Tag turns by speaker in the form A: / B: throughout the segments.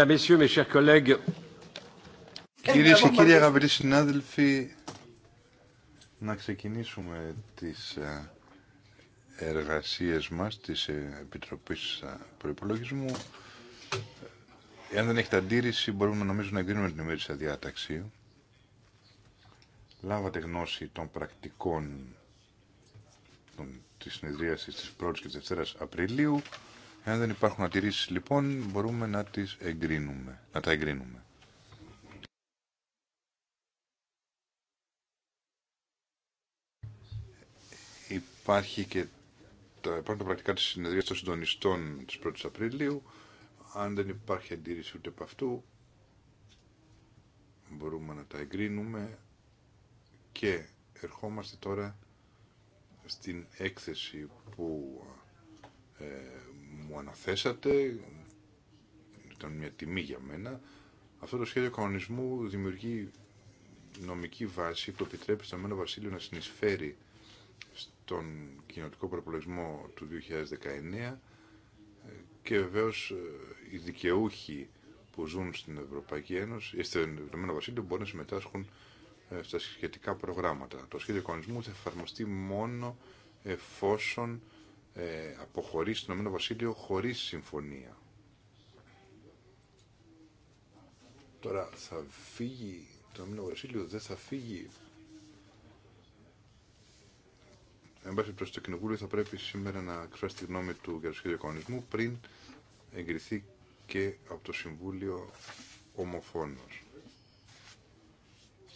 A: Κυρίε και κύριοι αγαπητοί συνάδελφοι, να ξεκινήσουμε τις ε, εργασίες μας της ε, Επιτροπής ε, Προϋπολογισμού. Εάν δεν έχετε αντίρρηση, μπορούμε νομίζω να εγκρίνουμε την ημέρη αδιάταξη. Λάβατε γνώση των πρακτικών της συνεδρίασης της 1ης και της 2ης Απριλίου. Εάν δεν υπάρχουν αντιρρήσεις λοιπόν μπορούμε να, τις εγκρίνουμε, να τα εγκρίνουμε. Υπάρχει και τα πρώτα πρακτικά της συνεδρίας των συντονιστών της 1ης Απριλίου. Αν δεν υπάρχει αντίρρηση ούτε από αυτού μπορούμε να τα εγκρίνουμε και ερχόμαστε τώρα στην έκθεση που ε, μου αναθέσατε. Ήταν μια τιμή για μένα. Αυτό το σχέδιο κανονισμού δημιουργεί νομική βάση που επιτρέπει στο Μένο Βασίλειο να συνεισφέρει στον κοινοτικό προπολογισμό του 2019 και βεβαίω ε, οι δικαιούχοι που ζουν στην Ευρωπαϊκή Ένωση, ε, στον Ευρωπαϊκό Βασίλειο, μπορούν να συμμετάσχουν ε, στα σχετικά προγράμματα. Το σχέδιο κανονισμού θα εφαρμοστεί μόνο εφόσον ε, αποχωρήσει το Ηνωμένο Βασίλειο χωρίς συμφωνία. Τώρα θα φύγει το Ηνωμένο Βασίλειο, δεν θα φύγει. Εν πάση προς το Κοινοβούλιο θα πρέπει σήμερα να εκφράσει τη γνώμη του για το σχέδιο πριν εγκριθεί και από το Συμβούλιο ομοφόνος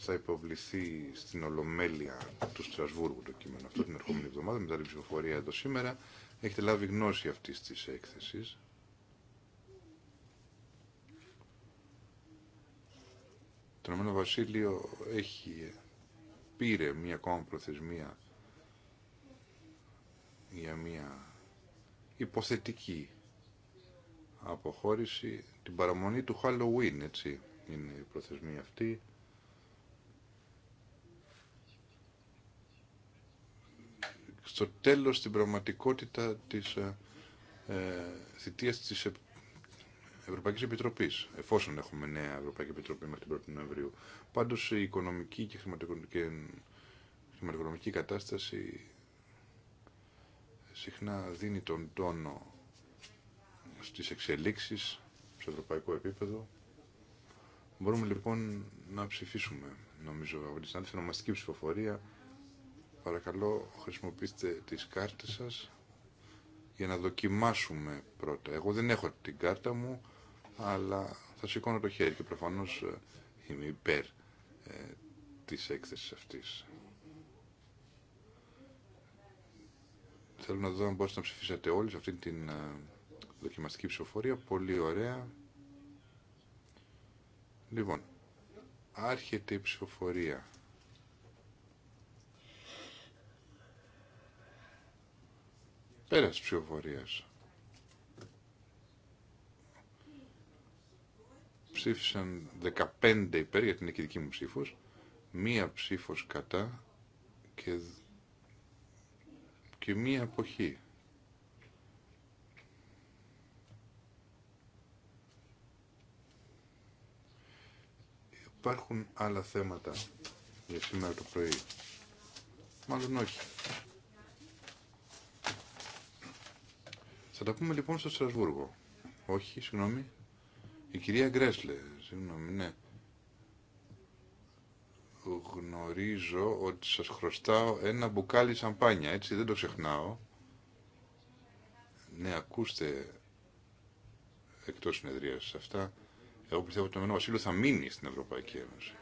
A: θα υποβληθεί στην Ολομέλεια του Στρασβούργου το κείμενο αυτό την ερχόμενη εβδομάδα μετά την ψηφοφορία εδώ σήμερα. Έχετε λάβει γνώση αυτής της έκθεσης. Το Ηνωμένο Βασίλειο έχει πήρε μία ακόμα προθεσμία για μία υποθετική αποχώρηση, την παραμονή του Halloween, έτσι είναι η προθεσμία αυτή. στο τέλος την πραγματικότητα της ε, ε θητείας της Ευρωπαϊκής Επιτροπής, εφόσον έχουμε νέα Ευρωπαϊκή Επιτροπή μέχρι την 1η Νοεμβρίου. Πάντως η οικονομική και χρηματοοικονομική κατάσταση συχνά δίνει τον τόνο στις εξελίξεις σε ευρωπαϊκό επίπεδο. Μπορούμε λοιπόν να ψηφίσουμε, νομίζω, από την συνάντηση ονομαστική ψηφοφορία Παρακαλώ χρησιμοποιήστε τις κάρτες σας για να δοκιμάσουμε πρώτα. Εγώ δεν έχω την κάρτα μου, αλλά θα σηκώνω το χέρι και προφανώς ε, είμαι υπέρ ε, της έκθεσης αυτής. Θέλω να δω αν μπορείτε να ψηφίσετε όλοι σε αυτήν την ε, δοκιμαστική ψηφοφορία. Πολύ ωραία. Λοιπόν, άρχεται η ψηφοφορία. Πέρας ψηφοφορία. Ψήφισαν 15 υπέρ, γιατί είναι και δική μου ψήφο, μία ψήφος κατά και, και μία αποχή. Υπάρχουν άλλα θέματα για σήμερα το πρωί. Μάλλον όχι. Θα τα πούμε λοιπόν στο Στρασβούργο. Όχι, συγγνώμη. Η κυρία Γκρέσλε, συγγνώμη, ναι. Γνωρίζω ότι σας χρωστάω ένα μπουκάλι σαμπάνια, έτσι δεν το ξεχνάω. Ναι, ακούστε εκτός συνεδρίας αυτά. Εγώ πιστεύω ότι το μενό, Βασίλειο θα μείνει στην Ευρωπαϊκή Ένωση.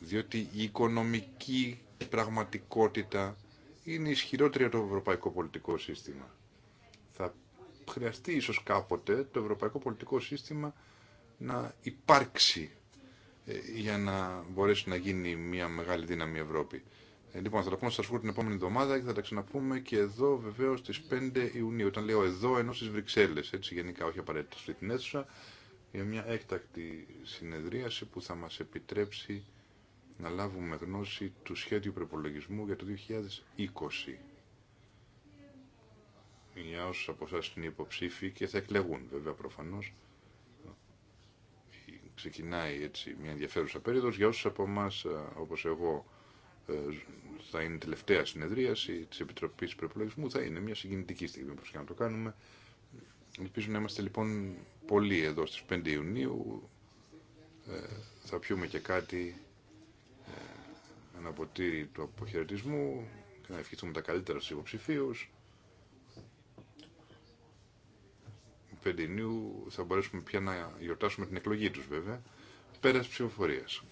A: Διότι η οικονομική πραγματικότητα είναι ισχυρότερη από το ευρωπαϊκό πολιτικό σύστημα χρειαστεί ίσως κάποτε το ευρωπαϊκό πολιτικό σύστημα να υπάρξει ε, για να μπορέσει να γίνει μια μεγάλη δύναμη Ευρώπη. Ε, λοιπόν, θα τα πούμε στα σχόλια την επόμενη εβδομάδα και θα τα ξαναπούμε και εδώ βεβαίω στι 5 Ιουνίου. Όταν λέω εδώ, ενώ στι Βρυξέλλε, έτσι γενικά, όχι απαραίτητα Στην την αίθουσα, για μια έκτακτη συνεδρίαση που θα μα επιτρέψει να λάβουμε γνώση του σχέδιου προπολογισμού για το 2020 για όσους από εσάς είναι υποψήφοι και θα εκλεγούν βέβαια προφανώς. Ξεκινάει έτσι μια ενδιαφέρουσα περίοδος. Για όσους από εμά, ε, όπως εγώ, ε, θα είναι η τελευταία συνεδρίαση της Επιτροπής Προπολογισμού, θα είναι μια συγκινητική στιγμή όπως και να το κάνουμε. Ελπίζω να είμαστε λοιπόν πολλοί εδώ στις 5 Ιουνίου. Ε, θα πιούμε και κάτι, ένα ποτήρι του αποχαιρετισμού και να ευχηθούμε τα καλύτερα στους υποψηφίους. θα μπορέσουμε πια να γιορτάσουμε την εκλογή τους βέβαια, πέρας ψηφοφορίας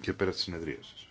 A: και πέρας της συνεδρίασης.